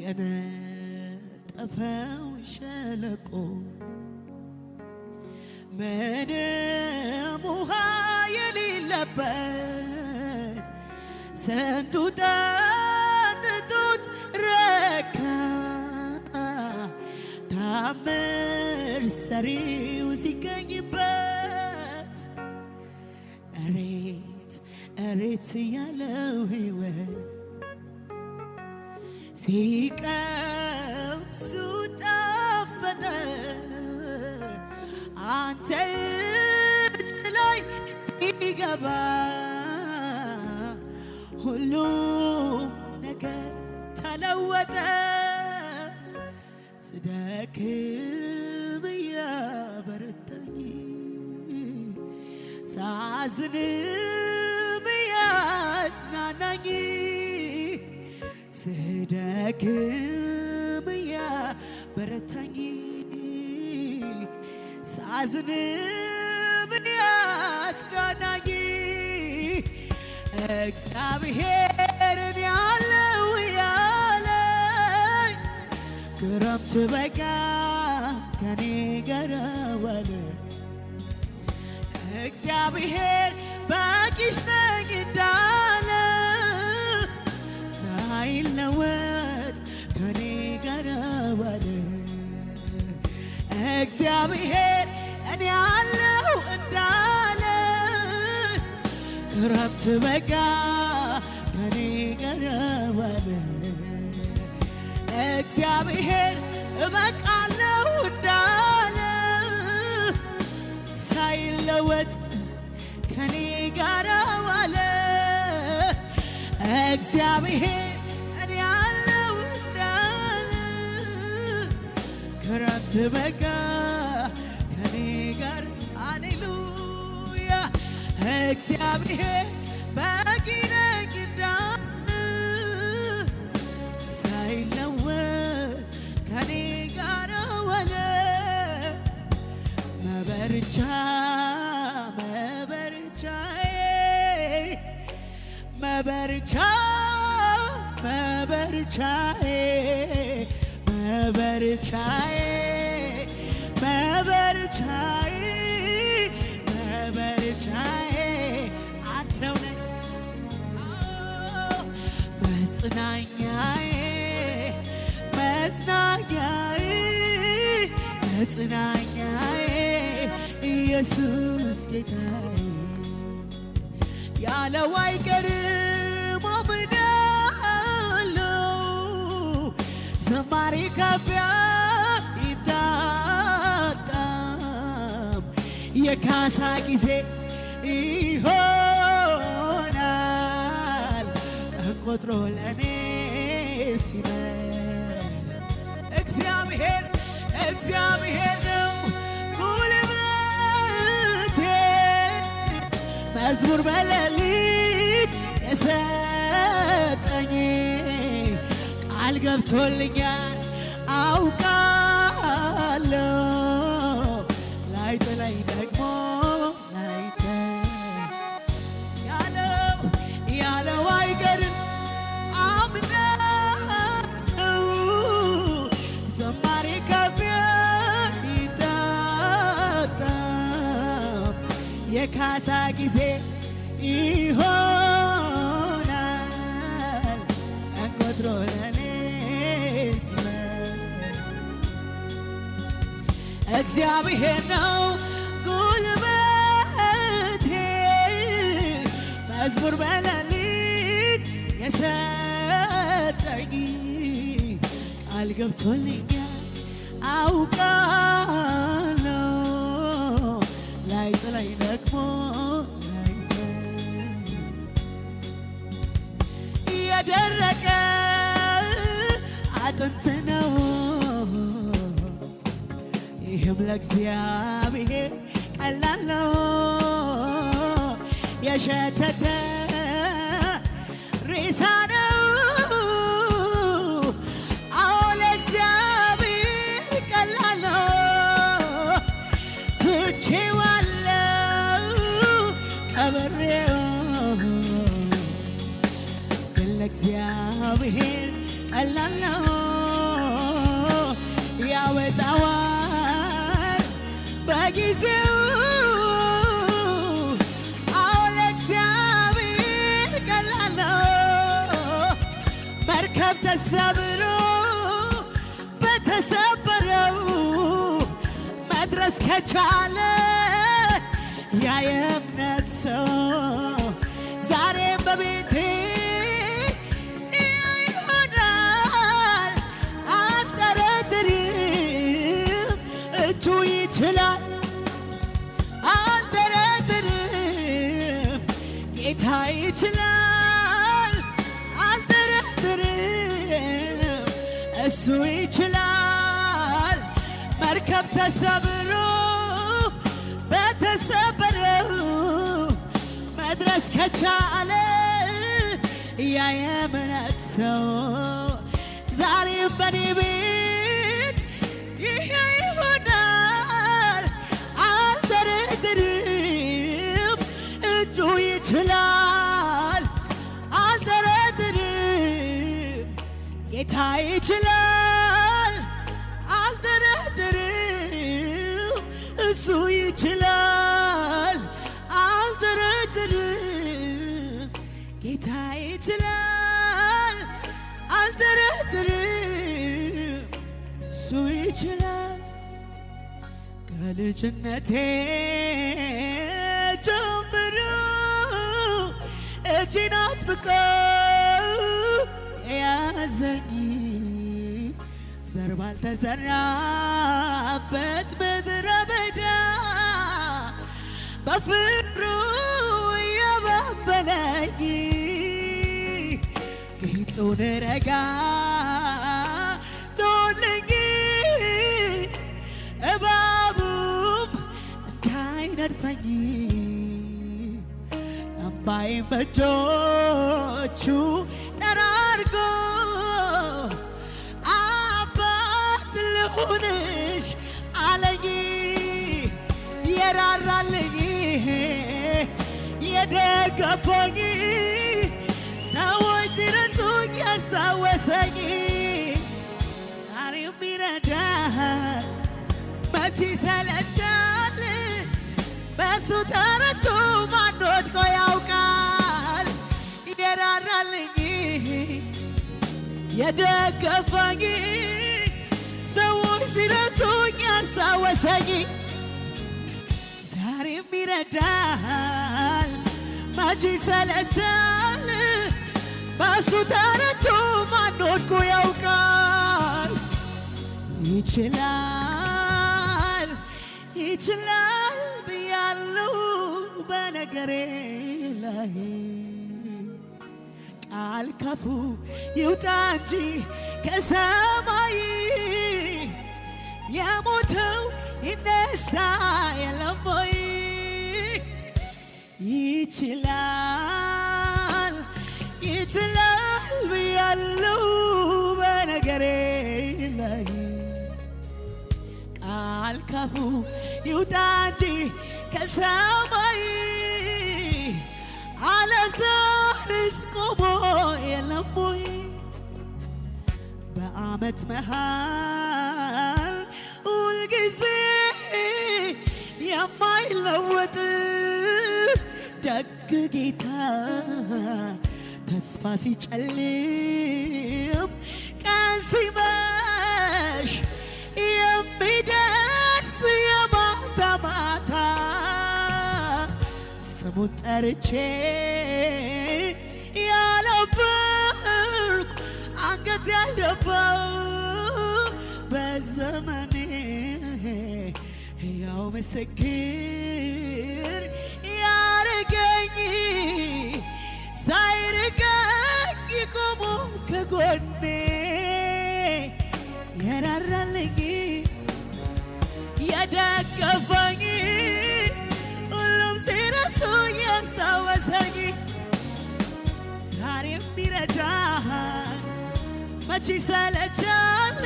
የነጠፈው ሸለቆ ምንም ውሃ የሌለበት ስንቱ ጠጥቶት ረካ ታምር ሰሪው ሲገኝበት እሬት እሬት ያለው ሕይወት ሲቀምሱ ጣፈጠ አንተ እጅ ላይ ሲገባ ሁሉም ነገር ተለወጠ። ስደክም እያበረታኝ ሳዝን ስደክም በረታኝ ሳዝንም ያጽናናኝ፣ እግዚአብሔርን ያለው ያለኝ ክረምት በጋ ከኔ ጋር እግዚአብሔር በቂሽ ነኝ ሳይለወጥ ከኔ ጋር ዋለ እግዚአብሔር እኔ እንዳለ ክረምት በጋ ከኔ ጋር ዋለ እግዚአብሔር እንዳለ ሳይለወጥ ከኔ ጋር ዋለ እግዚአብሔር ስትበቃ ከኔ ጋር አሌሉያ እግዚአብሔር በቂ ነህ ኪዳን ከኔ ጋር ዋለ መበርቻ መበርቻ መበርቻዬ መበርቻዬ መጽናኛዬ መጽናኛዬ መጽናኛዬ ኢየሱስ ጌታዬ ያለው አይቀርም አምናለው ዘማሪ ከቢያ ይታጣም የካሳ ጊዜ ይሆን ቆጥሮ ለኔ ሲበል እግዚአብሔር እግዚአብሔር ነው ጉልበቴ መዝሙር በሌሊት የሰጠኝ ቃል ገብቶልኛል አውቃለሁ ላይ ጥለኝ ደግሞ የካሳ ጊዜ ይሆናል እንቆጥሮ ለኔ እግዚአብሔር ነው ጉልበቴ መዝሙር በሌሊት የሰጠኝ ቃል ገብቶልኛል አውቃ ለእግዚአብሔር ቀላል ነው የሸተተ ሬሳ ነው። አዎ ለእግዚአብሔር ቀላል ነው። ትቼዋለሁ ቀብሬው፣ ግን ለእግዚአብሔር ቀላል ነው በጊዜው አዎ ለእግዚአብሔር ቀላል ነው። መርከብ ተሰብሮ በተሰበረው መድረስ ከቻለ ያ የእምነት ሰው ዛሬም በቤቴ ይሆናል። አትጠረጥሪም እጁ ይችላል ጌታ ይችላል፣ አንጠረጥርም። እሱ ይችላል። መርከብ ተሰብሮ በተሰበረው መድረስ ከቻለ ያ የእምነት ሰው ዛሬ በኔ ቤት ይሄ ይችላል አልጠረጥርም፣ ጌታ ይችላል አልጠረጥርም፣ እሱ ይችላል አልጠረጥርም፣ ጌታ ይችላል አልጠረጥርም፣ እሱ ይችላል ከልጅነቴ ደጅን አፍቀው ያዘኝ ዘር ባልተዘራበት ምድረ በዳ በፍቅሩ ያባበለኝ ግብፁን ረጋ ቶልኝ እባቡም እንዳይነድፈኝ ባይም በእጆቹ ጠራርጎ አባት ልሁንሽ አለኝ። የራራልኝ የደገፈኝ ሰዎች ሲረሱኝ ያስታወሰኝ ዛሬም ይረዳ መቼ ሰለቸ በሱ ተረቱ ማን ወድቆ ያውቃል? የራራልኝ የደገፈኝ ሰዎች ሲረሱኝ ያስታወሰኝ ዛሬም ይረዳል መቼ ይሰለቻል? ተረቱ ያውቃል? ይችላል ይችላል በሀገሬ ላይ ቃል ካፉ ይውጣ እንጂ ከሰማይ የሞተው ይነሳ የለም ወይ? ይችላል ይችላል ብያለው በነገሬ ላይ ቃል ካፉ ይውጣ እንጂ ከሰማይ አቦይ በአመት መሃል ሁልጊዜ የማይለወጥ ደግ ጌታ ተስፋ ሲጨልም ቀን ሲመሽ የሚደርስ የማታ ማታ ስሙን ጠርቼ ሰዓት ያለፈው በዘመኔ ያው ምስክር ያረገኝ ሳይርቀኝ ቆሞ ከጎኔ የራራልኝ የደገፈኝ ሁሉም ሲረሱ ያስታወሰኝ ዛሬም ይረዳል መቼ ሰለቻል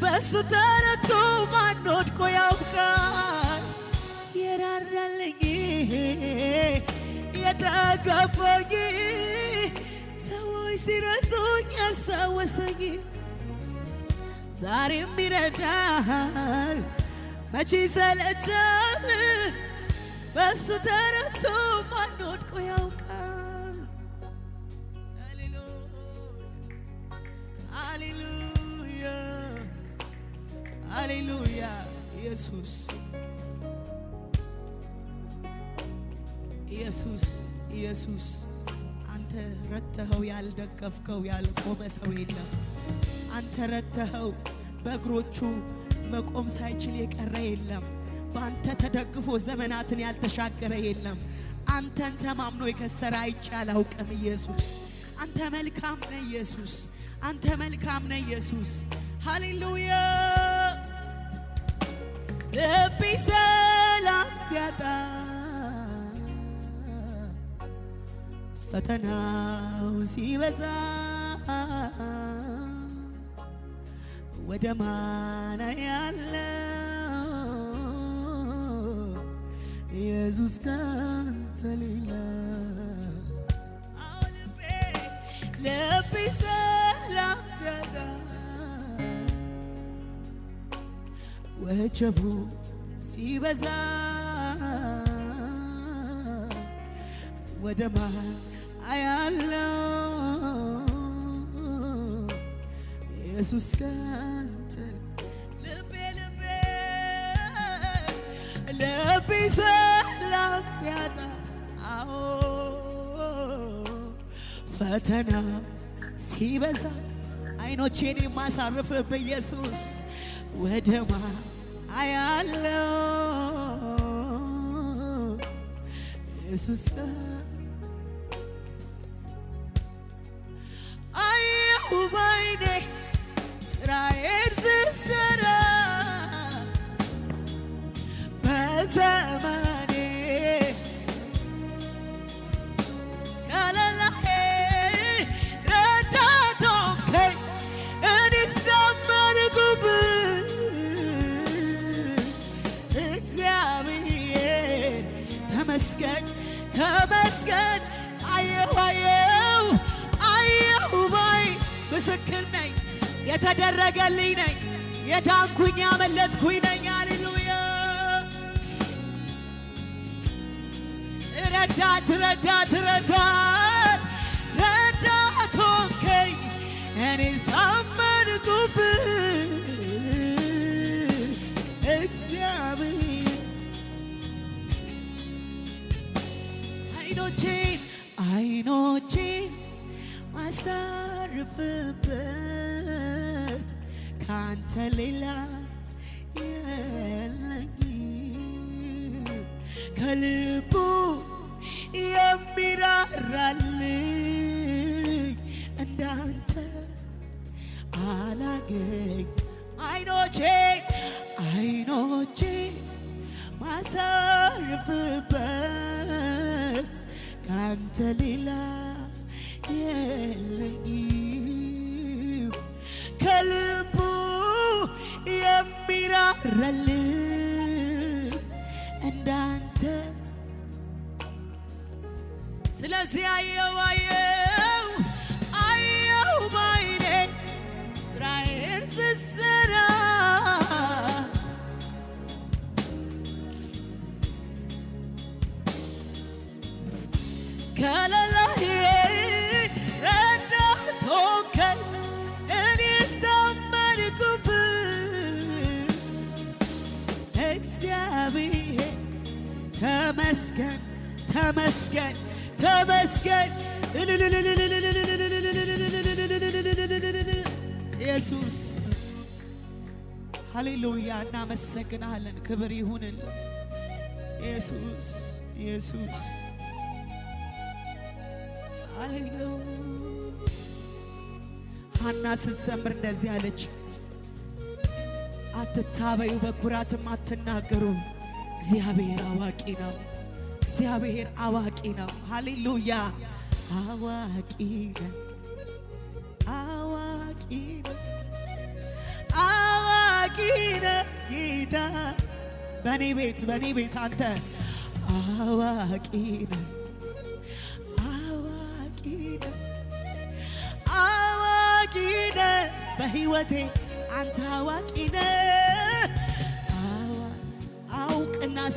በእሱ ተረቶ ማን ወድቆ ያውቃል? የራራልኝ የደገፈኝ ሰዎች ሲረሱኝ ያስታወሰኝ ዛሬም ይረዳል። መቼ ሰለቻል በእሱ ተረቶ ማን ወድቆ ሃሌሉያ ኢየሱስ ኢየሱስ ኢየሱስ አንተ ረተኸው ያልደገፍከው ያልቆመ ሰው የለም። አንተ ረተኸው በእግሮቹ መቆም ሳይችል የቀረ የለም። በአንተ ተደግፎ ዘመናትን ያልተሻገረ የለም። አንተን ተማምኖ የከሰረ አይቼ አላውቅም። ኢየሱስ አንተ መልካም ነህ። ኢየሱስ አንተ መልካም ነህ። ኢየሱስ ሃሌሉያ ልቤ ሰላም ሲያጣ ፈተናው ሲበዛ ወደ ማና ያለው ኢየሱስ ካንተ ሌላ ልቤ ሰላም ሲያጣ ወጀቡ ሲበዛ ወደ ማል አያለው ኢየሱስ ካንተን ልቤ ልቤ ልቤ ሰላም ሲያጣ አዎ ፈተና ሲበዛ አይኖቼን የማሳርፍብ ኢየሱስ ወደ ማል አያለው ኢየሱስ አየሁ ባይኔ ስራዬን ስሰራ በዘመን ተመስገን ተመስገን አየኋየው አየሁ ባይ ምስክር ነኝ የተደረገልኝ ነኝ የዳንኩኝ ያመለጥኩኝ ነኝ። አሌሉያ ረዳት ረዳት ረዳት ረዳት ሆንከኝ እኔ አይኖቼ አይኖቼ ማሳርፍበት ካንተ ሌላ የለኝ ከልቡ የሚራራልኝ እንዳንተ አላገኝ አይኖቼ አይኖቼ ማሳርፍበት ካንተ ሌላ የለኝም ከልቡ የሚራራልም እንዳንተ ስለዚህ ተመስገን ተመስገን ተመስገን ኢየሱስ ሃሌሉያ። እናመሰግናለን። ክብር ይሁንል ኢየሱስ ኢየሱስ ሐና ስትዘምር እንደዚህ አለች፣ አትታበዩ በኩራትም አትናገሩ እግዚአብሔር አዋቂ ነው። እግዚአብሔር አዋቂ ነው። ሃሌሉያ አዋቂ ነው። አዋቂ ነው። አዋቂ ነው ጌታ በእኔ ቤት በእኔ ቤት አንተ አዋቂ ነው። አዋቂ ነው። አዋቂ ነው በህይወቴ አንተ አዋቂ ነው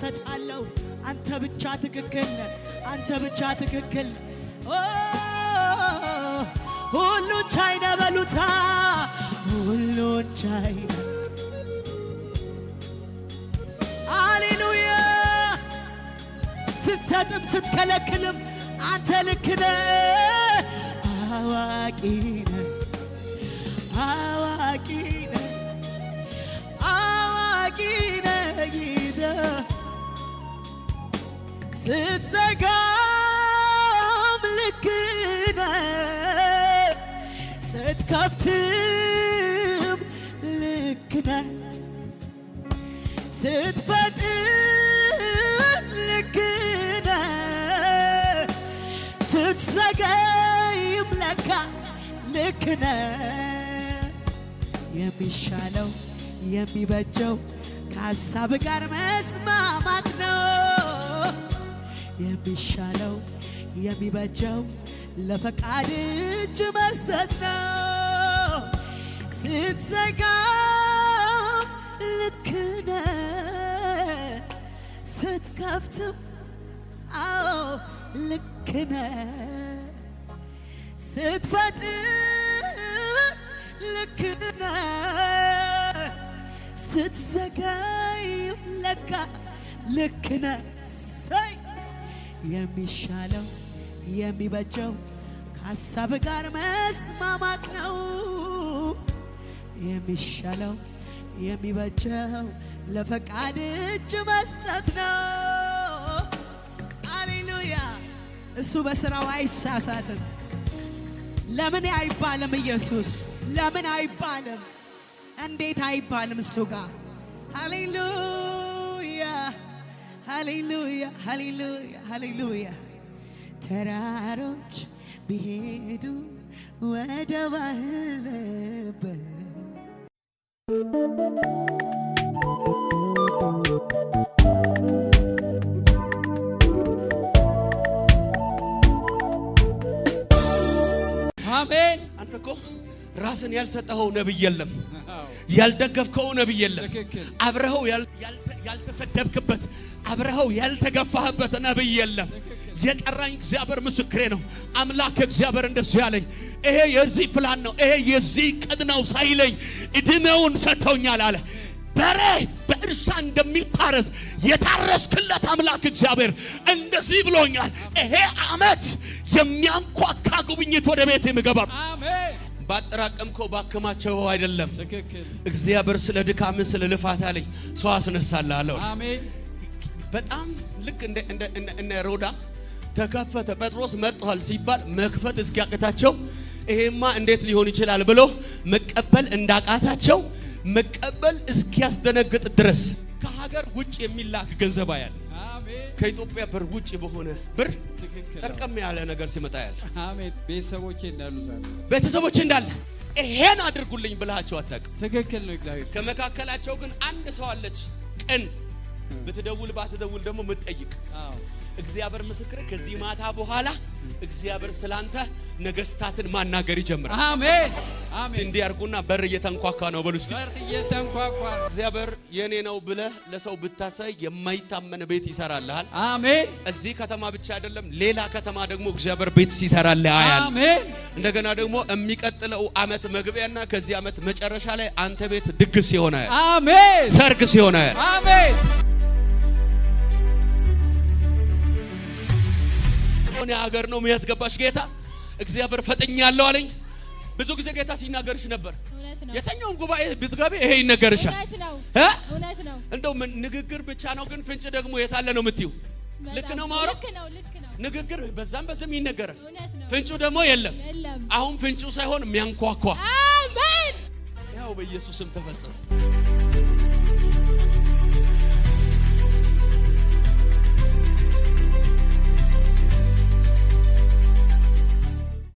ሰጣለሁ። አንተ ብቻ ትክክል፣ አንተ ብቻ ትክክል። ሁሉን ቻይ ነህ በሉታ፣ ሁሉን ቻይ ነህ። ስትሰጥም ስትከለክልም አንተ ልክ ነህ። አዋቂ ነህ፣ አዋቂ ነህ፣ አዋቂ ነህ ጌታ ስትዘጋም ልክነ ስትከፍትም ልክነ ስትፈጥም ልክነ ስትዘገይም ለካ ልክነ የሚሻለው የሚበጀው ከሀሳብ ጋር መስማማት ነው። የሚሻለው የሚበጀው ለፈቃድ እጅ መስጠት ነው። ስትዘጋ ልክነ ስትከፍትም አዎ ልክነ ስትፈጥር ልክነ ስትዘጋይም ለካ ልክነ የሚሻለው የሚበጀው ከሀሳብ ጋር መስማማት ነው። የሚሻለው የሚበጀው ለፈቃድ እጅ መስጠት ነው። አሌሉያ! እሱ በሥራው አይሳሳትም። ለምን አይባልም፣ ኢየሱስ ለምን አይባልም፣ እንዴት አይባልም እሱ ጋር ሃሌሉያ ሃሌሉያ ሃሌሉያ ሃሌሉያ ተራሮች ቢሄዱ ወደ ባህር ነበር አሜን። አንተ እኮ ራስን ያልሰጠኸው ነብይ የለም፣ ያልደገፍከው ነብይ የለም፣ አብረኸው ያልተሰደብክበት አብረኸው ያልተገፋህበት ነብይ የለም። የጠራኝ እግዚአብሔር ምስክሬ ነው። አምላክ እግዚአብሔር እንደሱ ያለኝ ይሄ የዚህ ፕላን ነው፣ ይሄ የዚህ ቅድ ነው ሳይለኝ እድሜውን ሰጥተውኛል አለ። በሬ በእርሻ እንደሚታረስ የታረስክለት አምላክ እግዚአብሔር እንደዚህ ብሎኛል። ይሄ አመት የሚያንኳካ ጉብኝት ወደ ቤት የምገባም ባጠራቀምከው ባከማቸው አይደለም። እግዚአብሔር ስለ ድካም ስለ ልፋት አለኝ ሰው አስነሳላለሁ። በጣም ልክ እንደ ሮዳ ተከፈተ። ጴጥሮስ መጥቷል ሲባል መክፈት እስኪያቅታቸው ይሄማ እንዴት ሊሆን ይችላል ብሎ መቀበል እንዳቃታቸው መቀበል እስኪያስደነግጥ ድረስ ከሀገር ውጭ የሚላክ ገንዘብ አያል ከኢትዮጵያ ብር ውጭ በሆነ ብር ጠርቀም ያለ ነገር ሲመጣ ያለ አሜን። ቤተሰቦቼ እንዳሉ ቤተሰቦቼ እንዳለ ይሄን አድርጉልኝ ብላቸው አታውቅም። ትክክል ነው እግዚአብሔር። ከመካከላቸው ግን አንድ ሰው አለች፣ ቅን ብትደውል ባትደውል ደግሞ ምትጠይቅ እግዚአብሔር ምስክር፣ ከዚህ ማታ በኋላ እግዚአብሔር ስላንተ ነገስታትን ማናገር ይጀምራል። አሜን አሜን። እንዲህ አድርጉና በር እየተንኳኳ ነው በሉ። በር እየተንኳኳ እግዚአብሔር የኔ ነው ብለ ለሰው ብታሳይ የማይታመን ቤት ይሰራልሃል። አሜን። እዚህ ከተማ ብቻ አይደለም፣ ሌላ ከተማ ደግሞ እግዚአብሔር ቤት ሲሰራልህ አያል። አሜን። እንደገና ደግሞ የሚቀጥለው አመት መግቢያና ከዚህ አመት መጨረሻ ላይ አንተ ቤት ድግስ ይሆናል። አሜን። ሰርግ ይሆናል። አሜን። የሆነ ሀገር ነው የሚያስገባሽ ጌታ። እግዚአብሔር ፈጥኛለሁ አለኝ። ብዙ ጊዜ ጌታ ሲናገርሽ ነበር። የተኛውም ጉባኤ ብትገቢ ይሄ ይነገርሻል። እንደው ንግግር ብቻ ነው፣ ግን ፍንጭ ደግሞ የታለ ነው የምትዩ ልክ ነው ማውራት ንግግር በዛም በዝም ይነገራል። ፍንጩ ደግሞ የለም። አሁን ፍንጩ ሳይሆን የሚያንኳኳ ያው በኢየሱስም ተፈጸመ።